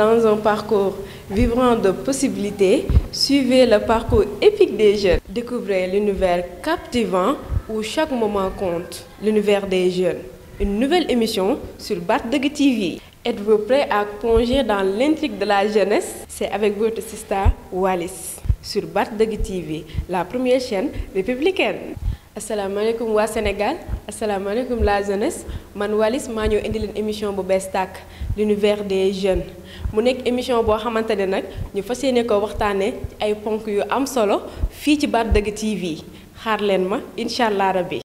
dans un parcours vivant de possibilités, suivez le parcours épique des jeunes. Découvrez l'univers captivant où chaque moment compte, l'univers des jeunes. Une nouvelle émission sur de TV. Êtes-vous prêt à plonger dans l'intrigue de la jeunesse C'est avec votre sister Wallis sur Batdug TV, la première chaîne républicaine alaykoum wa Sénégal alaykoum la jeunesse man Walis m'a indi leen émission bu bestak l'univers des jeunes mu émission bo xamante ne ñu fas ko ay am solo fi ci TV xaar Inch'Allah ma incha rabbi